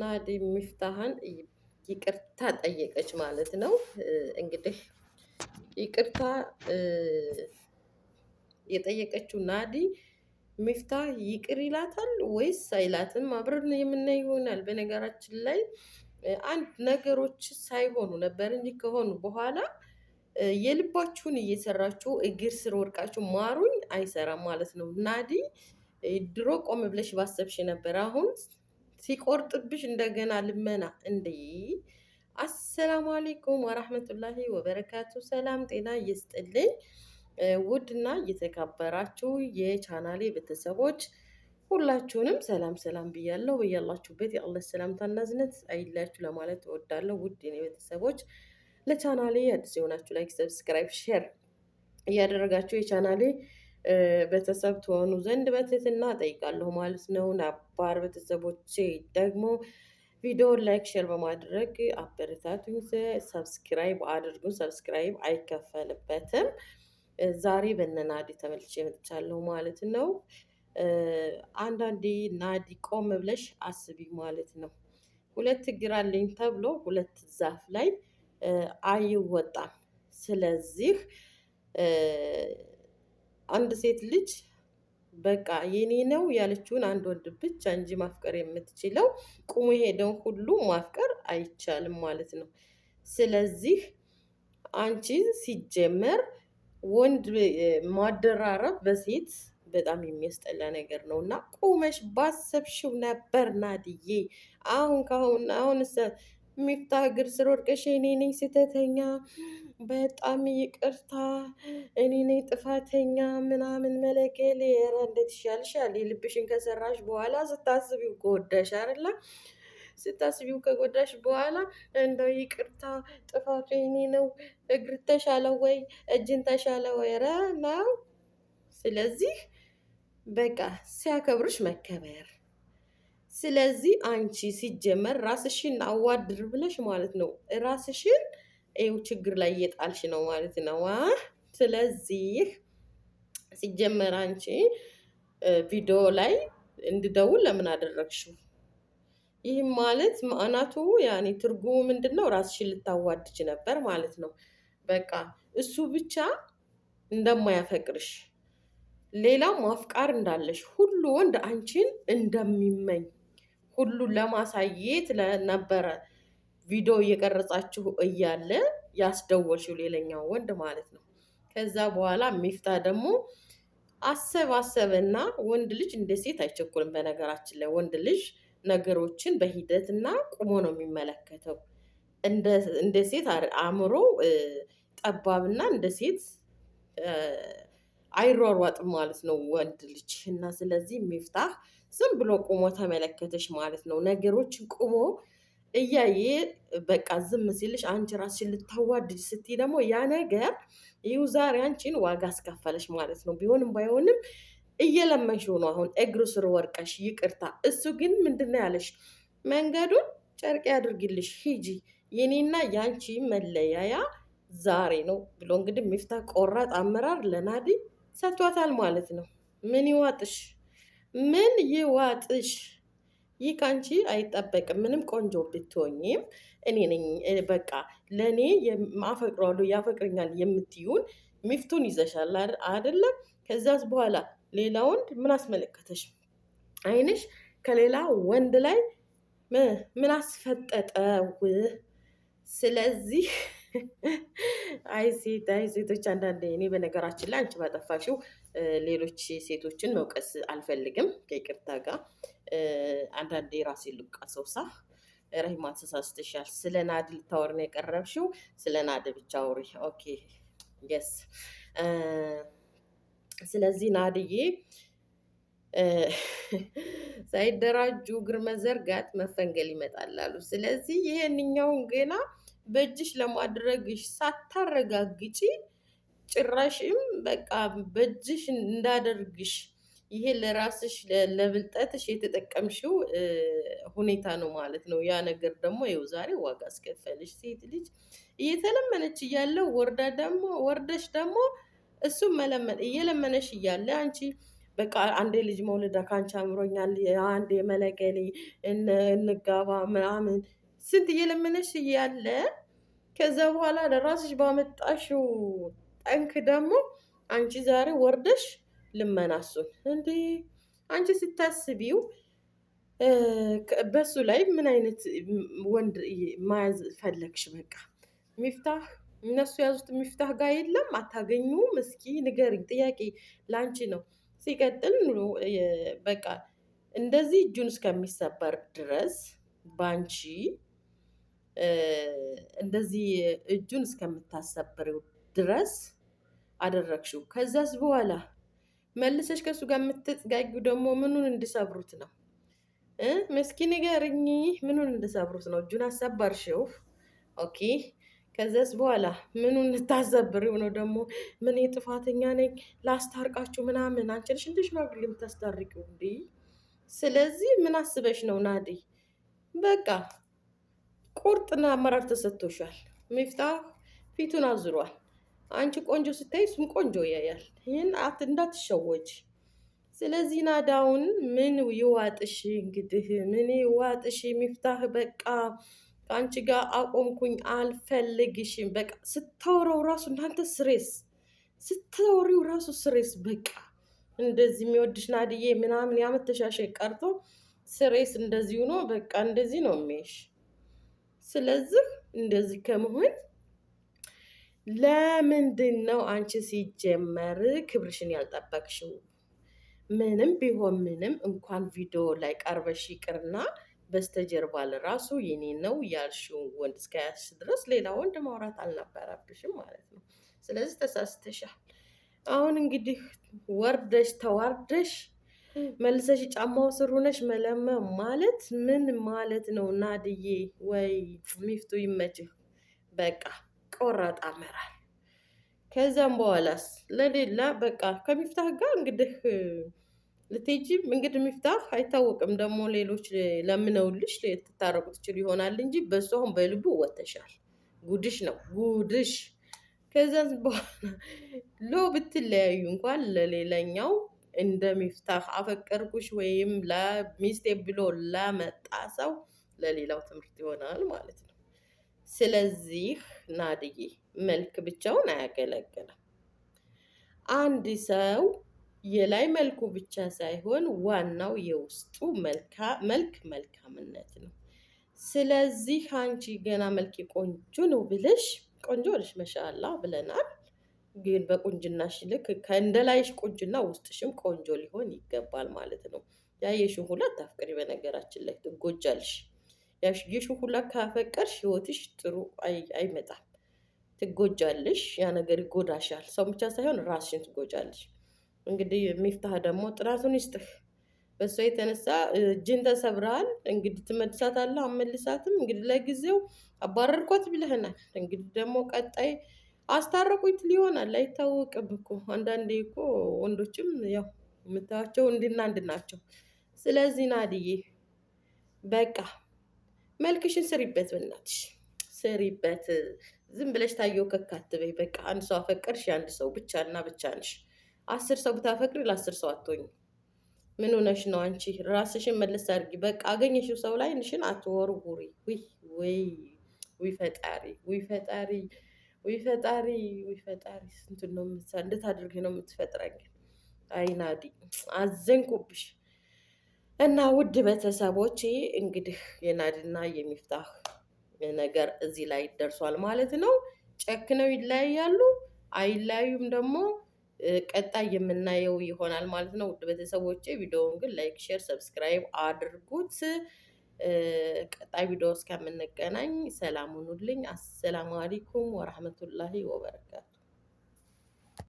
ናዲ ሚፍታህን ይቅርታ ጠየቀች ማለት ነው። እንግዲህ ይቅርታ የጠየቀችው ናዲ ሚፍታህ ይቅር ይላታል ወይስ አይላትም? አብረን የምናይ ይሆናል። በነገራችን ላይ አንድ ነገሮች ሳይሆኑ ነበር እንጂ ከሆኑ በኋላ የልባችሁን እየሰራችሁ እግር ስር ወድቃችሁ ማሩኝ አይሰራም ማለት ነው። ናዲ ድሮ ቆም ብለሽ ባሰብሽ ነበር አሁን ሲቆርጥብሽ እንደገና ልመና እንዴ! አሰላሙ አሌይኩም ወራህመቱላሂ ወበረካቱ። ሰላም ጤና ይስጥልኝ። ውድና እየተከበራችሁ የቻናሌ ቤተሰቦች ሁላችሁንም ሰላም ሰላም ብያለሁ። በያላችሁበት የአላህ ሰላምታ እና እዝነት አይለያችሁ ለማለት እወዳለሁ። ውድ የኔ ቤተሰቦች ለቻናሌ አዲስ የሆናችሁ ላይክ፣ ሰብስክራይብ፣ ሼር እያደረጋችሁ የቻናሌ ቤተሰብ ትሆኑ ዘንድ በትህትና ጠይቃለሁ ማለት ነው። ነባር ቤተሰቦቼ ደግሞ ቪዲዮን ላይክ፣ ሼር በማድረግ አበረታቱኝ። ሰብስክራይብ አድርጉ። ሰብስክራይብ አይከፈልበትም። ዛሬ በነ ናዲ ተመልሼ መጥቻለሁ ማለት ነው። አንዳንዴ ናዲ ቆም ብለሽ አስቢ ማለት ነው። ሁለት እግር አለኝ ተብሎ ሁለት ዛፍ ላይ አይወጣም። ስለዚህ አንድ ሴት ልጅ በቃ የኔ ነው ያለችውን አንድ ወንድ ብቻ እንጂ ማፍቀር የምትችለው ቁሙ ሄደን ሁሉ ማፍቀር አይቻልም ማለት ነው። ስለዚህ አንቺ ሲጀመር ወንድ ማደራረብ በሴት በጣም የሚያስጠላ ነገር ነው እና ቁመሽ ባሰብሽው ነበር ናድዬ አሁን ካሁን አሁን ሚፍታ እግር ስር ወድቀሽ እኔ ነኝ ስህተተኛ፣ በጣም ይቅርታ፣ እኔ ነኝ ጥፋተኛ ምናምን መለገል ኧረ እንዴት ይሻልሻል? የልብሽን ከሰራሽ በኋላ ስታስቢው ከወዳሽ አይደለ ስታስቢው ከጎዳሽ በኋላ እንደው ይቅርታ ጥፋቱ የኔ ነው፣ እግር ተሻለ ወይ እጅን ተሻለ ወይ ረ ነው። ስለዚህ በቃ ሲያከብርሽ መከበር ስለዚህ አንቺ ሲጀመር ራስሽን አዋድር ብለሽ ማለት ነው። ራስሽን ይኸው ችግር ላይ እየጣልሽ ነው ማለት ነው። ስለዚህ ሲጀመር አንቺ ቪዲዮ ላይ እንድደውል ለምን አደረግሽው? ይህም ማለት ማዕናቱ ያኔ ትርጉሙ ምንድን ነው? ራስሽን ልታዋድጅ ነበር ማለት ነው። በቃ እሱ ብቻ እንደማያፈቅርሽ ሌላ ማፍቃር እንዳለሽ ሁሉ ወንድ አንቺን እንደሚመኝ ሁሉን ለማሳየት ለነበረ ቪዲዮ እየቀረጻችሁ እያለ ያስደወልሽው ሌላኛው ወንድ ማለት ነው። ከዛ በኋላ ሚፍታ ደግሞ አሰብ አሰብ ወንድ ልጅ እንደ ሴት አይቸኩልም። በነገራችን ላይ ወንድ ልጅ ነገሮችን በሂደት እና ቁሞ ነው የሚመለከተው። እንደ ሴት አእምሮ ጠባብና እንደ ሴት አይሯሯጥም ማለት ነው ወንድ ልጅ እና ስለዚህ ሚፍታህ ዝም ብሎ ቁሞ ተመለከተሽ ማለት ነው። ነገሮች ቁሞ እያየ በቃ ዝም ሲልሽ አንቺ ራስሽን ልታዋድጅ ስቲ ደግሞ ያ ነገር ይኸው ዛሬ አንቺን ዋጋ አስከፈለሽ ማለት ነው። ቢሆንም ባይሆንም እየለመንሽው ነው። አሁን እግሩ ስር ወርቀሽ ይቅርታ። እሱ ግን ምንድን ነው ያለሽ? መንገዱን ጨርቅ ያድርግልሽ ሂጂ፣ የኔና የአንቺ መለያያ ዛሬ ነው ብሎ እንግዲህ ሚፍታህ ቆራጥ አመራር ለናዲ ሰጥቷታል ማለት ነው። ምን ይዋጥሽ፣ ምን ይዋጥሽ። ይህ ከአንቺ አይጠበቅም። ምንም ቆንጆ ብትሆኝም እኔ ነኝ በቃ ለእኔ አፈቅረዋለሁ ያፈቅረኛል የምትይውን ሚፍቱን ይዘሻል አይደለም? ከዚያስ በኋላ ሌላ ወንድ ምን አስመለከተሽ? አይንሽ ከሌላ ወንድ ላይ ምን አስፈጠጠው? ስለዚህ አይ ሴት አይ ሴቶች አንዳንዴ እኔ በነገራችን ላይ አንቺ ባጠፋሽው ሌሎች ሴቶችን መውቀስ አልፈልግም፣ ከይቅርታ ጋር አንዳንዴ ራሴ ሰውሳ ረህማ ተሳስተሻል። ስለ ናድ ልታወር ነው የቀረብሽው? ስለ ናድ ብቻ አውሪ። ኦኬ የስ። ስለዚህ ናድዬ ሳይደራጁ እግር መዘርጋት መፈንገል ይመጣላሉ። ስለዚህ ይሄንኛውን ገና በእጅሽ ለማድረግሽ ሳታረጋግጪ ጭራሽም በቃ በእጅሽ እንዳደርግሽ ይሄ ለራስሽ ለብልጠትሽ የተጠቀምሽው ሁኔታ ነው ማለት ነው። ያ ነገር ደግሞ ይኸው ዛሬ ዋጋ አስከፈልሽ። ሴት ልጅ እየተለመነች እያለው ወርዳ ደግሞ ወርደሽ ደግሞ እሱም መለመን እየለመነሽ እያለ አንቺ በቃ አንዴ ልጅ መውለዳ ከአንቺ አምሮኛል፣ አንዴ መለገሌ እንጋባ ምናምን ስንት እየለመነሽ እያለ ከዛ በኋላ ለራስሽ ባመጣሽው ጠንክ ደግሞ አንቺ ዛሬ ወርደሽ ልመናሱን እንዲ አንቺ ስታስቢው በሱ ላይ ምን አይነት ወንድ መያዝ ፈለግሽ? በቃ ሚፍታህ እነሱ ያዙት ሚፍታህ ጋር የለም አታገኙም። እስኪ ንገሪኝ፣ ጥያቄ ለአንቺ ነው። ሲቀጥል በቃ እንደዚህ እጁን እስከሚሰበር ድረስ በአንቺ እንደዚህ እጁን እስከምታሰብሪው ድረስ አደረግሽው። ከዛስ በኋላ መልሰሽ ከእሱ ጋር የምትጽጋጁ ደግሞ ምኑን እንድሰብሩት ነው መስኪን ንገርኝ። ምኑን እንድሰብሩት ነው? እጁን አሰበርሽው። ኦኬ ከዛስ በኋላ ምኑን እንታሰብሪው ነው ደግሞ? ምን የጥፋተኛ ነኝ ላስታርቃችሁ ምናምን። አንቺ ነሽ እንደ ሽማግሌ የምታስታርቂው እንዴ? ስለዚህ ምን አስበሽ ነው ናዲ? በቃ ቁርጥና አመራር ተሰጥቶሻል። ሚፍታህ ፊቱን አዝሯል። አንቺ ቆንጆ ስታይ እሱም ቆንጆ ያያል። ይህን አት እንዳትሸወጅ። ስለዚህ ናዳውን ምን ይዋጥሽ እንግዲህ ምን ይዋጥሽ ሚፍታህ በቃ ከአንቺ ጋር አቆምኩኝ፣ አልፈልግሽም። በቃ ስታወራው ራሱ እናንተ ስሬስ ስታወሪው ራሱ ስሬስ በቃ እንደዚህ የሚወድሽ ናድዬ ምናምን ያመተሻሸ ቀርቶ ስሬስ እንደዚሁ ነው። በቃ እንደዚህ ነው የሚሽ ስለዚህ እንደዚህ ከመሆን ለምንድን ነው አንቺ ሲጀመር ክብርሽን ያልጠበቅሽው? ምንም ቢሆን ምንም እንኳን ቪዲዮ ላይ ቀርበሽ ይቅርና በስተጀርባ ለራሱ የኔ ነው ያልሽው ወንድ እስከያዝሽ ድረስ ሌላ ወንድ ማውራት አልነበረብሽም ማለት ነው። ስለዚህ ተሳስተሻል። አሁን እንግዲህ ወርደሽ ተዋርደሽ መልሰሽ ጫማው ስር ሆነሽ መለመም ማለት ምን ማለት ነው? ናድዬ ወይ ሚፍቱ ይመችህ። በቃ ቆረጣ መራል። ከዚያም በኋላስ ለሌላ በቃ ከሚፍታህ ጋር እንግዲህ ልትሄጂም እንግዲህ ሚፍታህ አይታወቅም። ደግሞ ሌሎች ለምነውልሽ ልትታረቁ ትችሉ ይሆናል እንጂ በሱ አሁን በልቡ ወተሻል። ጉድሽ ነው ጉድሽ። ከዚያ በኋላ ሎ ብትለያዩ እንኳን ለሌላኛው እንደ ሚፍታህ አፈቀርኩሽ ወይም ለሚስቴ ብሎ ለመጣ ሰው ለሌላው ትምህርት ይሆናል ማለት ነው። ስለዚህ ናድዬ መልክ ብቻውን አያገለግልም። አንድ ሰው የላይ መልኩ ብቻ ሳይሆን ዋናው የውስጡ መልክ መልካምነት ነው። ስለዚህ አንቺ ገና መልክ ቆንጆ ነው ብለሽ ቆንጆ ልሽ መሻላ ብለናል። ግን በቁንጅናሽ ልክ ላይሽ ቁንጅና ውስጥሽም ቆንጆ ሊሆን ይገባል ማለት ነው። ያየሽን ሁላ ታፍቅሪ። በነገራችን ላይ ትጎጃልሽ። ያየሽን ሁላ ካፈቀርሽ ህይወትሽ ጥሩ አይመጣም። ትጎጃለሽ። ያ ነገር ይጎዳሻል። ሰው ብቻ ሳይሆን ራስሽን ትጎጃለሽ። እንግዲህ የሚፍታህ ደግሞ ጥራቱን ይስጥህ። በእሷ የተነሳ እጅን ተሰብረሃል። እንግዲህ ትመልሳታለህ፣ አመልሳትም። እንግዲህ ለጊዜው አባረርኳት ብለህናል። እንግዲህ ደግሞ ቀጣይ አስታረቁት ሊሆናል አይታወቅም እኮ አንዳንዴ እኮ ወንዶችም ያው የምታያቸው እንድና እንድ ናቸው። ስለዚህ ናድዬ በቃ መልክሽን ስሪበት፣ በናትሽ ስሪበት። ዝም ብለሽ ታየው ከካትበይ በቃ አንድ ሰው አፈቀርሽ አንድ ሰው ብቻ እና ብቻ ነሽ። አስር ሰው ብታፈቅሪ ለአስር ሰው አትሆኝ። ምን ሆነሽ ነው አንቺ? ራስሽን መለስ አድርጊ። በቃ አገኘሽው ሰው ላይ ንሽን አትወርውሪ። ውይ ወይ ወይ ፈጣሪ፣ ወይ ፈጣሪ ወይ ፈጣሪ፣ ወይ ፈጣሪ፣ ስንቱን ነው የምትሳ እንዴት አድርጌ ነው የምትፈጥረኝ? አይናዲ አዘንኩብሽ። እና ውድ ቤተሰቦች እንግዲህ የናዲና የሚፍታህ ነገር እዚህ ላይ ደርሷል ማለት ነው። ጨክነው ይለያያሉ አይለያዩም ደግሞ ቀጣይ የምናየው ይሆናል ማለት ነው። ውድ ቤተሰቦቼ ቪዲዮውን ግን ላይክ፣ ሼር፣ ሰብስክራይብ አድርጉት። ቀጣይ ቪዲዮ እስከምንገናኝ ሰላም ሁኑልኝ። አሰላሙ አሊኩም ወረህመቱላሂ ወበረካቱ።